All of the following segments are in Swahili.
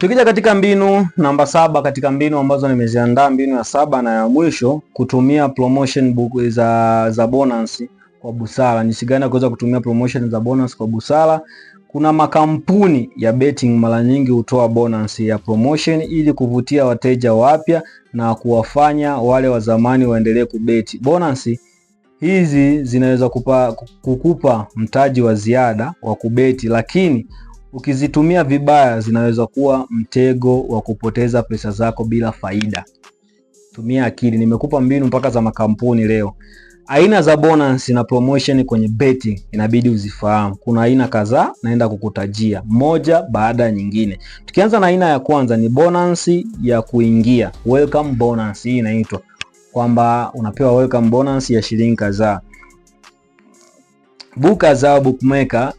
Tukija katika mbinu namba saba katika mbinu ambazo nimeziandaa, mbinu ya saba na ya mwisho, kutumia promotion book za, za bonus kwa busara. Jinsi gani kuweza kutumia promotion za bonus kwa busara? Kuna makampuni ya betting mara nyingi hutoa bonus ya promotion ili kuvutia wateja wapya na kuwafanya wale wa zamani waendelee kubeti. Bonus hizi zinaweza kukupa mtaji wa ziada wa kubeti, lakini Ukizitumia vibaya, zinaweza kuwa mtego wa kupoteza pesa zako bila faida. Tumia akili. Nimekupa mbinu mpaka za makampuni leo. Aina za bonus na promotion kwenye betting inabidi uzifahamu. Kuna aina kadhaa, naenda kukutajia moja baada ya nyingine. Tukianza na aina ya kwanza, ni bonus ya kuingia, welcome bonus. Hii inaitwa kwamba unapewa welcome bonus ya shilingi kadhaa. Buka za bookmaker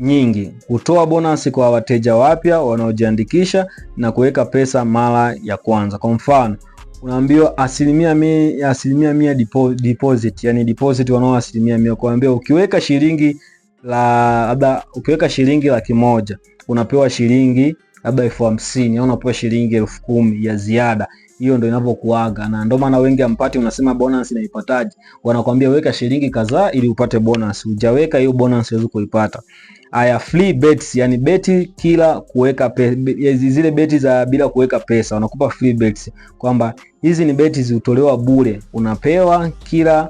nyingi, hutoa bonasi kwa wateja wapya wanaojiandikisha na kuweka pesa mara ya kwanza. Kwa mfano unaambiwa asilimia mia, asilimia mia dipo, deposit, yani deposit wanao asilimia mia, kuambia ukiweka shilingi la labda ukiweka shilingi laki moja unapewa shilingi labda elfu hamsini au unapewa shilingi elfu kumi ya ziada. Hiyo ndio inavyokuaga, na ndio maana wengi ampati, unasema bonus inaipataje? Wanakwambia weka shilingi kadhaa ili upate bonus. Hujaweka hiyo bonus huwezi kuipata haya free bets, yani beti kila kuweka pe, zile beti za bila kuweka pesa wanakupa free bets, kwamba hizi ni beti zitolewa bure, unapewa kila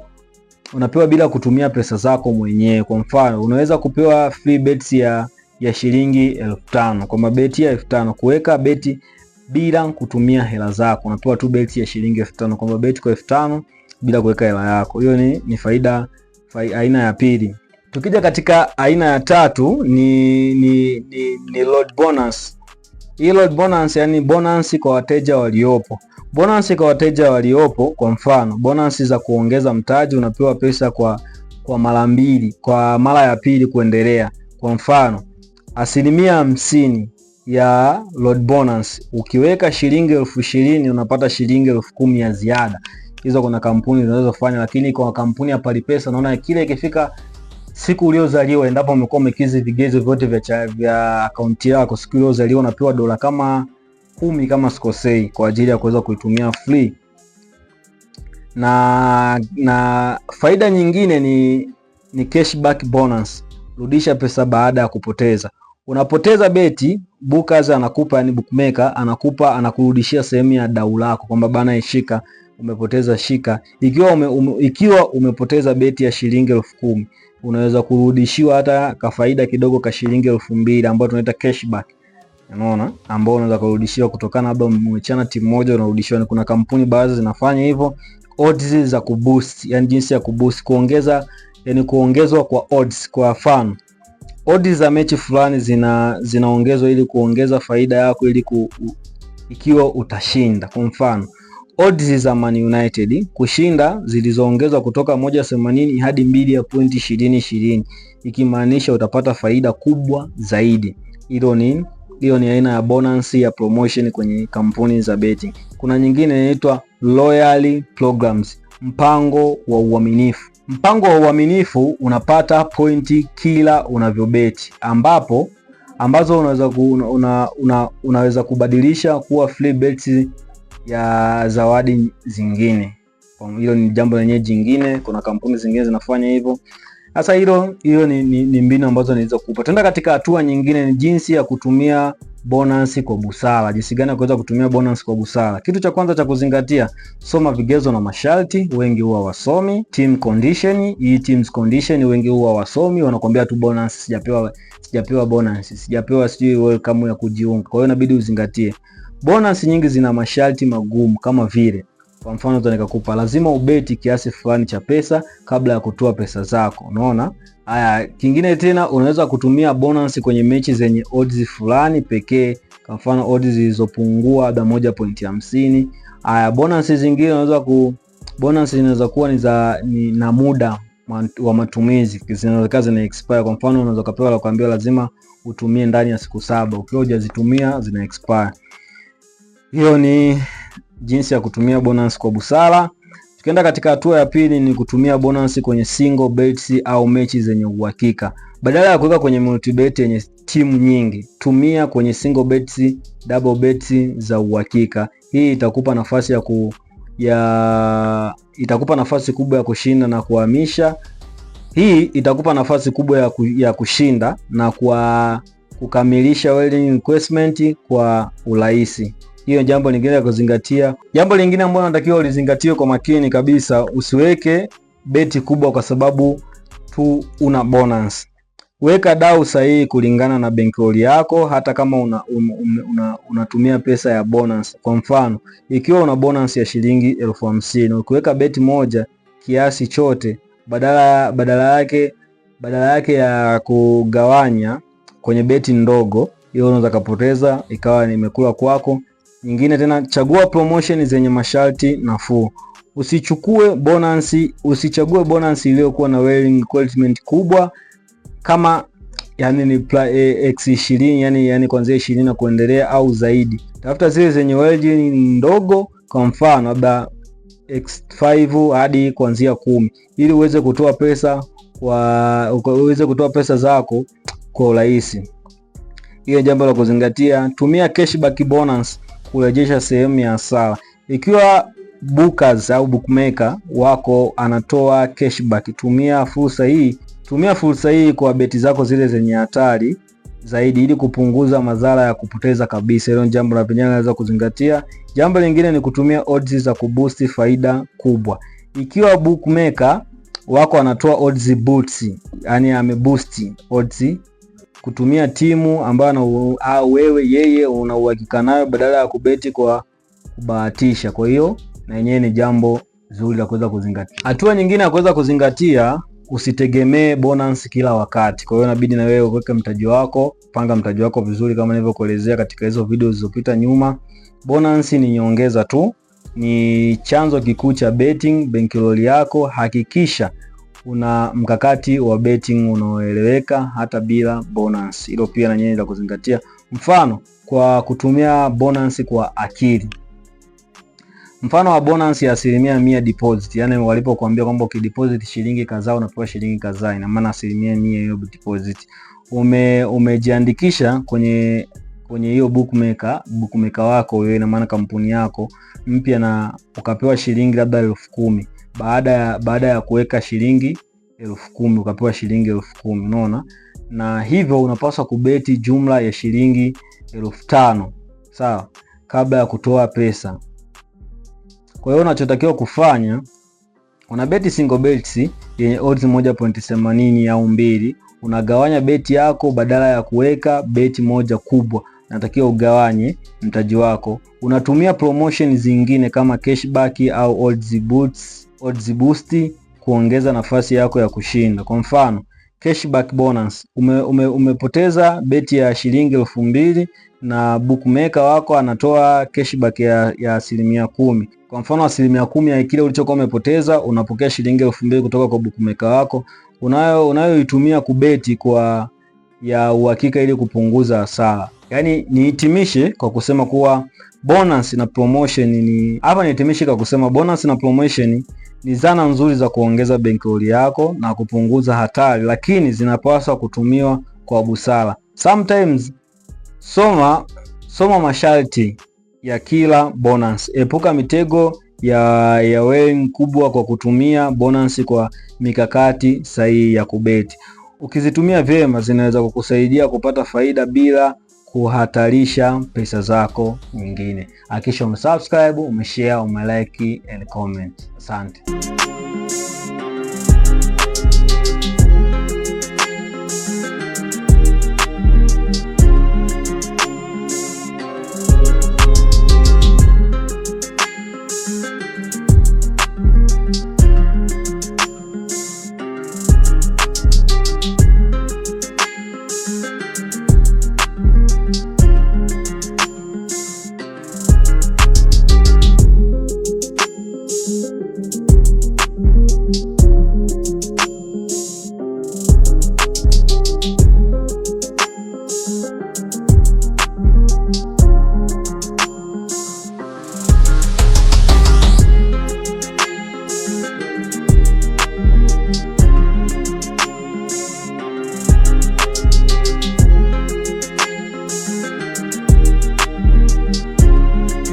unapewa bila kutumia pesa zako mwenyewe. Kwa mfano, unaweza kupewa free bets ya ya shilingi elfu tano kwa mabeti ya elfu tano kuweka beti bila kutumia hela zako, unapewa tu beti ya shilingi elfu tano kwa mabeti kwa elfu tano bila kuweka hela yako. Hiyo ni, ni faida, fai, aina ya pili. Tukija katika aina ya tatu ni, ni, ni, ni load bonus. Hii load bonus yani bonus kwa wateja waliopo. Bonus kwa wateja waliopo, kwa mfano bonus za kuongeza mtaji, unapewa pesa kwa, kwa mara mbili, kwa mara ya pili kuendelea. Kwa mfano asilimia hamsini ya load bonus, ukiweka shilingi elfu ishirini unapata shilingi elfu kumi ya ziada. Hizo kuna kampuni zinazofanya, lakini kwa kampuni ya Palipesa naona kile ikifika siku uliozaliwa, endapo umekuwa umekizi vigezo vyote vya, vya akaunti yako, siku uliozaliwa unapewa dola kama kumi kama sikosei, kwa ajili ya kuweza kuitumia free. Na, na faida nyingine ni, ni cashback bonus, rudisha pesa baada ya kupoteza. Unapoteza beti, bookers anakupa, yani bookmaker anakupa, anakurudishia sehemu ya dau lako, kwamba bana ishika umepoteza shika. Ikiwa, ume, ume, ikiwa umepoteza beti ya shilingi elfu kumi unaweza kurudishiwa hata kafaida kidogo ka shilingi elfu mbili ambayo tunaita cashback. Unaona, ambao unaweza kurudishiwa kutokana labda umechana timu moja unarudishiwa. Kuna kampuni baadhi zinafanya hivyo odds za kuboost, yani jinsi ya kuboost, kuongeza, yani kuongezwa kwa odds. Kwa mfano odds za mechi fulani zina zinaongezwa ili kuongeza faida yako, ili ku, u, ikiwa utashinda kwa mfano odds za Man United kushinda zilizoongezwa kutoka 1.80 hadi 2.2020 ikimaanisha utapata faida kubwa zaidi. Hilo ni hiyo ni aina ya bonus ya promotion kwenye kampuni za betting. Kuna nyingine inaitwa loyalty programs, mpango wa uaminifu. Mpango wa uaminifu unapata pointi kila unavyobeti, ambapo ambazo unaweza, ku, una, una, unaweza kubadilisha kuwa free bets ya zawadi zingine. Hilo ni jambo lenyewe jingine. Kuna kampuni zingine zinafanya hivyo. Sasa hilo hiyo ni, ni, ni mbinu ambazo nilizokupa. Tuenda katika hatua nyingine, ni jinsi ya kutumia bonus kwa busara. Jinsi gani ya kuweza kutumia bonus kwa busara? Kitu cha kwanza cha kuzingatia, soma vigezo na masharti. Wengi huwa wasomi. Team condition, hii teams condition, wengi huwa wasomi, wanakuambia tu bonus, sijapewa sijapewa bonus, sijapewa sijui welcome ya kujiunga. Kwa hiyo inabidi uzingatie Bonus nyingi zina masharti magumu kama vile kwa mfano nikakupa lazima ubeti kiasi fulani cha pesa kabla ya kutoa pesa zako, unaona. Haya, kingine tena unaweza kutumia bonus kwenye mechi zenye odds fulani pekee, kwa mfano odds zilizopungua labda moja pointi hamsini. Haya, bonus zingine unaweza ku bonus zinaweza kuwa ni za ni na muda wa matumizi, zinaweza zina expire. Kwa mfano unaweza kupewa la kuambia lazima utumie ndani ya siku saba, ukiwa hujazitumia zina expire. Hiyo ni jinsi ya kutumia bonus kwa busara. Tukienda katika hatua ya pili ni kutumia bonus kwenye single bets au mechi zenye uhakika. Badala ya kuweka kwenye multi bet yenye timu nyingi, tumia kwenye single bets, double bets za uhakika. Hii itakupa nafasi ya ku ya itakupa nafasi kubwa ya kushinda na kuhamisha. Hii itakupa nafasi kubwa ya, ku, ya kushinda na kwa kukamilisha wedding requirement kwa urahisi. Hiyo jambo lingine la kuzingatia. Jambo lingine ambalo natakiwa ulizingatie kwa makini kabisa, usiweke beti kubwa kwa sababu tu una bonus. Weka dau sahihi kulingana na bankroll yako, hata kama una, um, una, unatumia pesa ya bonus. Kwa mfano, ikiwa una bonus ya shilingi elfu hamsini ukiweka beti moja kiasi chote badala, badala yake badala yake ya kugawanya kwenye beti ndogo hiyo, unaweza kapoteza ikawa nimekula kwako. Nyingine tena, chagua promotion zenye masharti nafuu. Usichukue bonus, usichague bonus iliyokuwa na wearing equipment kubwa kama yani ni eh, x 20 yani, yani kuanzia 20 na kuendelea au zaidi. Tafuta zile zenye wearing ndogo, kwa mfano labda x5 hadi kuanzia kumi, ili uweze kutoa pesa kwa uweze kutoa pesa zako kwa urahisi. Hiyo jambo la kuzingatia. Tumia cashback bonus kurejesha sehemu ya hasara. Ikiwa bookers au bookmaker wako anatoa cashback, tumia fursa hii tumia fursa hii kwa beti zako zile zenye hatari zaidi ili kupunguza madhara ya kupoteza kabisa. Hilo jambo la pili naweza kuzingatia. Jambo lingine ni kutumia odds za kuboost faida kubwa. Ikiwa bookmaker wako anatoa odds boost, yani ameboost odds kutumia timu ambayo wewe yeye una uhakika nayo badala ya kubeti kwa kubahatisha. Kwa hiyo na yenyewe ni jambo zuri la kuweza kuzingatia. Hatua nyingine ya kuweza kuzingatia, usitegemee bonus kila wakati. Kwa hiyo inabidi na wewe uweke mtaji wako, panga mtaji wako vizuri, kama nilivyokuelezea katika hizo video zilizopita nyuma. Bonus ni nyongeza tu, ni chanzo kikuu cha betting. Bankroll yako hakikisha una mkakati wa betting unaoeleweka hata bila bonus. Hilo pia na nyenye la kuzingatia, mfano kwa kutumia bonus kwa akili. Mfano wa bonus ya asilimia mia deposit, yani walipokuambia kwamba ukideposit shilingi kadhaa unapewa shilingi kadhaa, ina maana asilimia mia hiyo deposit. Ume umejiandikisha kwenye kwenye hiyo bookmaker bookmaker wako wewe, ina maana kampuni yako mpya, na ukapewa shilingi labda elfu kumi baada ya baada ya kuweka shilingi elfu kumi ukapewa shilingi elfu kumi unaona, na hivyo unapaswa kubeti jumla ya shilingi elfu tano sawa, kabla ya kutoa pesa. Kwa hiyo unachotakiwa kufanya una beti single bets yenye odds 1.80 au mbili. Unagawanya beti yako, badala ya kuweka beti moja kubwa natakiwa ugawanye mtaji wako. Unatumia promotion zingine kama cashback au odds boosts odds boost kuongeza nafasi yako ya kushinda. Kwa mfano cashback bonus, ume, ume, umepoteza beti ya shilingi elfu mbili na bookmaker wako anatoa cashback ya, ya asilimia kumi. Kwa mfano asilimia kumi ya kile ulichokuwa umepoteza unapokea shilingi elfu mbili kutoka kwa bookmaker wako unayo unayoitumia kubeti kwa ya uhakika ili kupunguza hasara. Yaani nihitimishe kwa kusema kuwa bonus na promotion ni hapa, nihitimishe kwa kusema bonus na promotion ni zana nzuri za kuongeza bankroll yako na kupunguza hatari, lakini zinapaswa kutumiwa kwa busara. Sometimes soma soma masharti ya kila bonus. Epuka mitego ya, ya wagering kubwa kwa kutumia bonus kwa mikakati sahihi ya kubeti. Ukizitumia vyema, zinaweza kukusaidia kupata faida bila kuhatarisha pesa zako nyingine. Hakikisha umesubscribe, umeshare, umelike and comment. Asante.